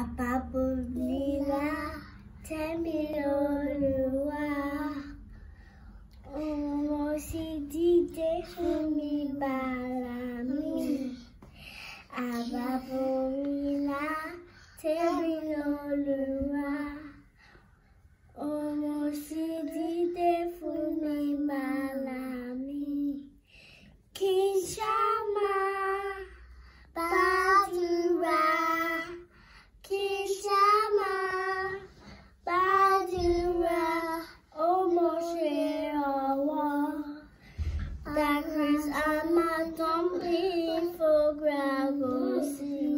àpapọ̀lẹ́lá temiloluwa olùwà ọmọ sì dìde fún mi bàrà mi àpapọ̀lẹ́lá tẹ́mi olùwà I'm not dumping for gravel.